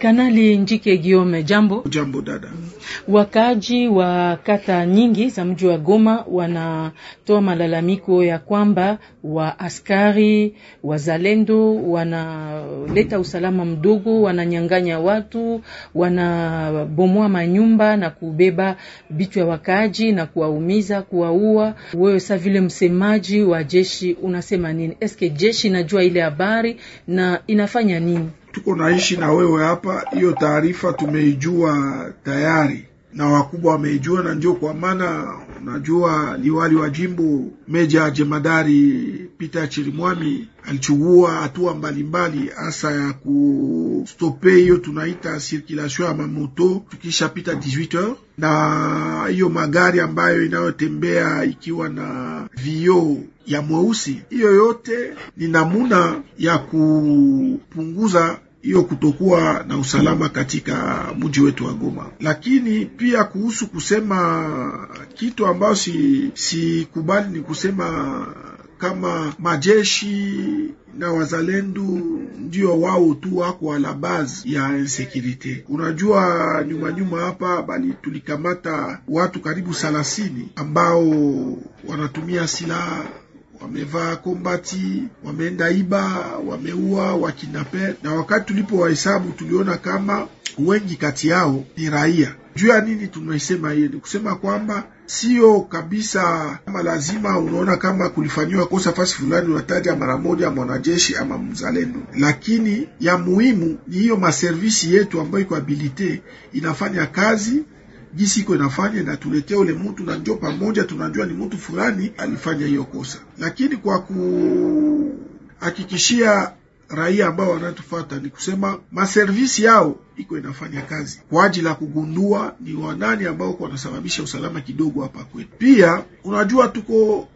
Kanali Njike Giome, jambo. Jambo dada. Wakaaji wa kata nyingi za mji wa Goma wanatoa malalamiko ya kwamba wa askari wazalendo wanaleta usalama mdogo, wananyang'anya watu, wanabomoa manyumba na kubeba vitu ya wakaaji na kuwaumiza, kuwaua. Wewe sa vile msemaji wa jeshi unasema nini? Eske jeshi inajua ile habari na inafanya nini? tuko naishi na wewe hapa. Hiyo taarifa tumeijua tayari na wakubwa wameijua, na ndio kwa maana unajua liwali wa jimbo Meja Jemadari Peter Chirimwami alichukua hatua mbalimbali hasa ya ku stope hiyo tunaita circulation ya mamoto tukishapita 18h na hiyo magari ambayo inayotembea ikiwa na vio ya mweusi. Hiyo yote ni namuna ya kupunguza hiyo kutokuwa na usalama katika mji wetu wa Goma. Lakini pia kuhusu kusema kitu ambayo sikubali si ni kusema kama majeshi na wazalendu ndio wao tu wako ala base ya insekirite. Unajua, nyuma nyuma hapa bali tulikamata watu karibu thelathini ambao wanatumia silaha wamevaa kombati, wameenda iba, wameua wakinape, na wakati tulipo wahesabu tuliona kama wengi kati yao ni raia. Juu ya nini tunaisema hiyo? Ni kusema kwamba sio kabisa kama lazima. Unaona, kama kulifanyiwa kosa fasi fulani, unataja mara moja mwanajeshi ama mzalendo, lakini ya muhimu ni hiyo maservisi yetu ambayo iko habilite inafanya kazi jisi iko inafanya inatuletea ule mtu na njo pamoja tunajua ni mtu fulani alifanya hiyo kosa, lakini kwa kuhakikishia raia ambao wanatufata ni kusema maservisi yao iko inafanya kazi kwa ajili ya kugundua ni wanani ambao wanasababisha usalama kidogo hapa kwetu. Pia unajua tuko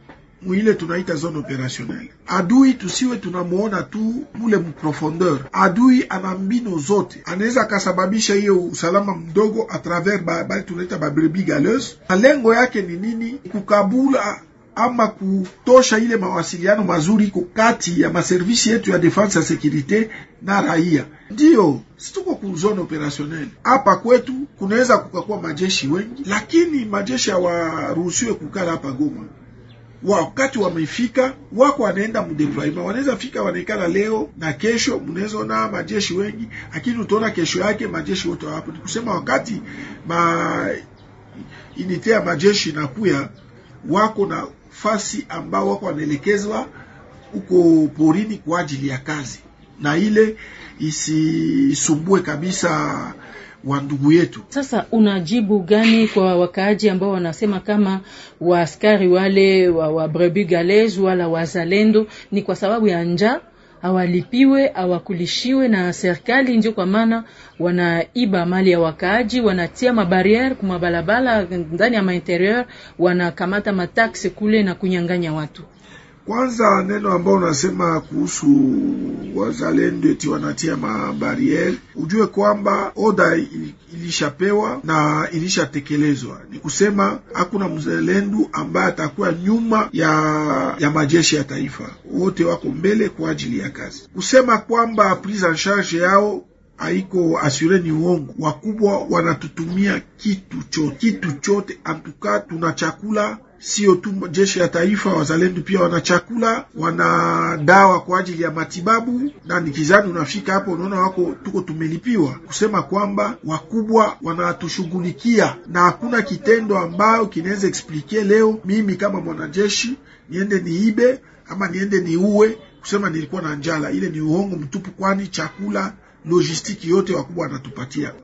mwile tunaita zone operationnel, Adui tusiwe tunamuona tu mule mprofondeur. Adui ana mbino zote, anaweza akasababisha hiyo usalama mdogo a travers ba, tunaita ba brebis Lengo yake ni nini? Kukabula ama kutosha ile mawasiliano mazuri iko kati ya maservisi yetu ya defense ya sekurite na raia. Ndiyo, situko ku zone operationel hapa kwetu, kunaweza kukakuwa majeshi wengi, lakini majeshi hawaruhusiwe kukala hapa Goma. Wakati wamefika wako wanaenda mdeployment, wanaweza fika wanaikala leo na kesho, mnaweza ona majeshi wengi, lakini utaona kesho yake majeshi wote hawapo. Ni kusema wakati ma unite ya majeshi inakuya wako na fasi ambao wako wanaelekezwa huko porini kwa ajili ya kazi, na ile isisumbue kabisa wa ndugu yetu. Sasa unajibu gani kwa wakaaji ambao wanasema kama waaskari wale wa, wa Brebu Galej wala wazalendo ni kwa sababu ya njaa hawalipiwe hawakulishiwe na serikali, ndio kwa maana wanaiba mali ya wakaaji, wanatia mabariere kwa mabalabala ndani ya mainterieur, wanakamata mataksi kule na kunyang'anya watu. Kwanza neno ambao unasema kuhusu wazalendo eti wanatia mabariere, ujue kwamba oda ilishapewa na ilishatekelezwa. Ni kusema hakuna mzalendo ambaye atakuwa nyuma ya, ya majeshi ya taifa, wote wako mbele kwa ajili ya kazi, kusema kwamba prise en charge yao haiko asure ni uongo. Wakubwa wanatutumia kitu cho kitu chote, antuka tuna chakula, sio tu jeshi ya taifa, wazalendo pia wana chakula, wana dawa kwa ajili ya matibabu. Na nikizani unafika hapo, unaona wako tuko tumelipiwa kusema kwamba wakubwa wanatushughulikia, na hakuna kitendo ambayo kinaweza explique leo mimi kama mwanajeshi niende niibe ama niende niue kusema nilikuwa na njala. Ile ni uongo mtupu, kwani chakula lojistiki yote wakubwa watatupatia.